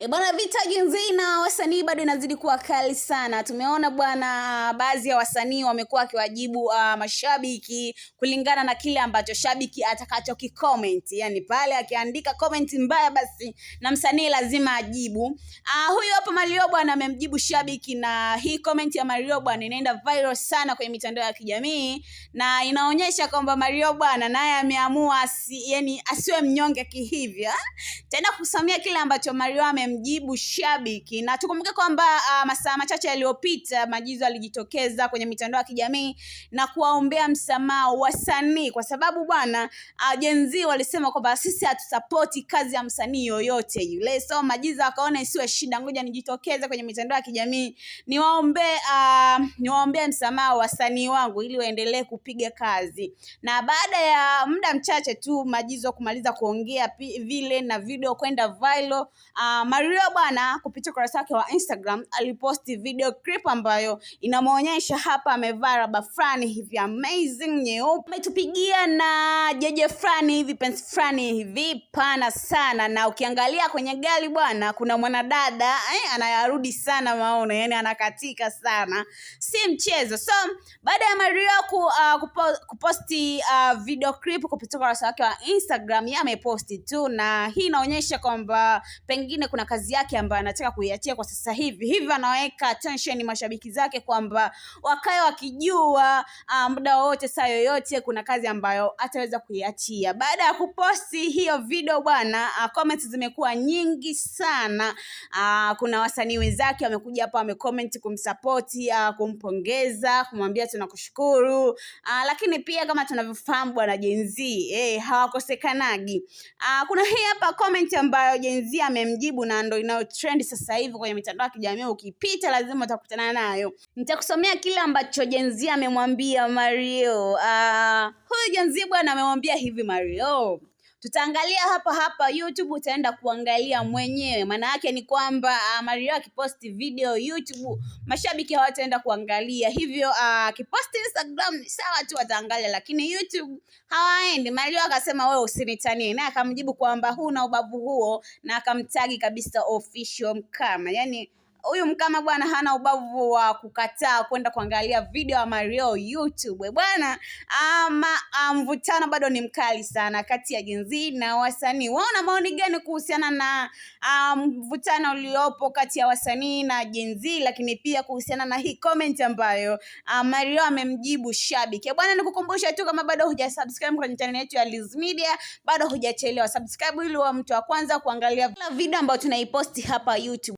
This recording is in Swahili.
E bwana, vita jenzi na wasanii bado inazidi kuwa kali sana. Tumeona bwana, baadhi ya wasanii wamekuwa wakiwajibu uh, mashabiki kulingana na kile ambacho shabiki atakacho kicomment, yani pale akiandika comment mbaya, basi na msanii lazima ajibu. Uh, huyu hapa Mario bwana amemjibu shabiki, na hii comment ya Mario bwana inaenda viral sana kwenye mitandao ya kijamii na inaonyesha kwamba Mario bwana naye ameamua si, yani asiwe mnyonge kihivyo, ah, tena kusamia kile ambacho Mario ame amemjibu shabiki, na tukumbuke kwamba uh, masaa machache yaliyopita Majizo alijitokeza kwenye mitandao ya kijamii na kuwaombea msamaha wasanii, kwa sababu bwana uh, ah, jenzi walisema kwamba sisi hatusapoti kazi ya msanii yoyote yule. So Majizo akaona isiwe shida, ngoja nijitokeze kwenye mitandao ya kijamii niwaombee uh, niwaombee msamaha wasanii wangu ili waendelee kupiga kazi, na baada ya muda mchache tu Majizo kumaliza kuongea vile na video kwenda viral uh, Mario bwana kupitia ukurasa wake wa Instagram aliposti video clip ambayo inamwonyesha hapa amevaa raba fulani hivi amazing nyeupe, ametupigia na jeje fulani hivi pensi fulani hivi pana sana, na ukiangalia kwenye gari bwana, kuna mwanadada eh, anayarudi sana maono, yani anakatika sana, si mchezo. So baada ya Mario ku, uh, kupo, kuposti uh, video clip kupitia ukurasa wake wa Instagram, yeye ameposti tu, na hii inaonyesha kwamba pengine kuna kazi yake ambayo anataka kuiachia kwa sasa hivi, hivyo anaweka tension mashabiki zake kwamba wakae wakijua ah, muda wowote saa yoyote kuna kazi ambayo ataweza kuiachia. Baada ya kuposti hiyo video bwana, ah, comments zimekuwa nyingi sana. Uh, kuna wasanii wenzake wamekuja hapa wamecomment kumsapoti, kumpongeza, kumwambia tunakushukuru, lakini pia kama tunavyofahamu bwana Gen Z eh, hawakosekanagi. Kuna hii hapa comment ambayo Gen Z amemjibu na na ndo inayo trend sasa hivi kwenye mitandao ya kijamii, ukipita lazima utakutana nayo. Nitakusomea kile ambacho Jenzia amemwambia Mario. Uh, huyu Jenzia bwana amemwambia hivi Mario tutaangalia hapa hapa youtube utaenda kuangalia mwenyewe maana yake ni kwamba uh, mario akiposti video youtube mashabiki hawataenda kuangalia hivyo ah, akiposti instagram sawa tu wataangalia lakini youtube hawaendi mario akasema wewe usinitanie naye akamjibu kwamba huna ubavu huo na akamtagi kabisa official mkama yani huyu mkama bwana hana ubavu wa kukataa kwenda kuangalia video ya Mario YouTube bwana. Ama ah, mvutano bado ni mkali sana kati ya Gen na wasanii. Waona maoni gani kuhusiana na ah, mvutano uliopo kati ya wasanii na Gen lakini pia kuhusiana na hii comment ambayo ah, Mario amemjibu shabiki bwana. Nikukumbusha tu kama bado hujasubscribe kwenye channel yetu ya Liz Media, bado hujachelewa subscribe ili wa mtu wa kwanza kuangalia kila video ambayo tunaiposti hapa YouTube.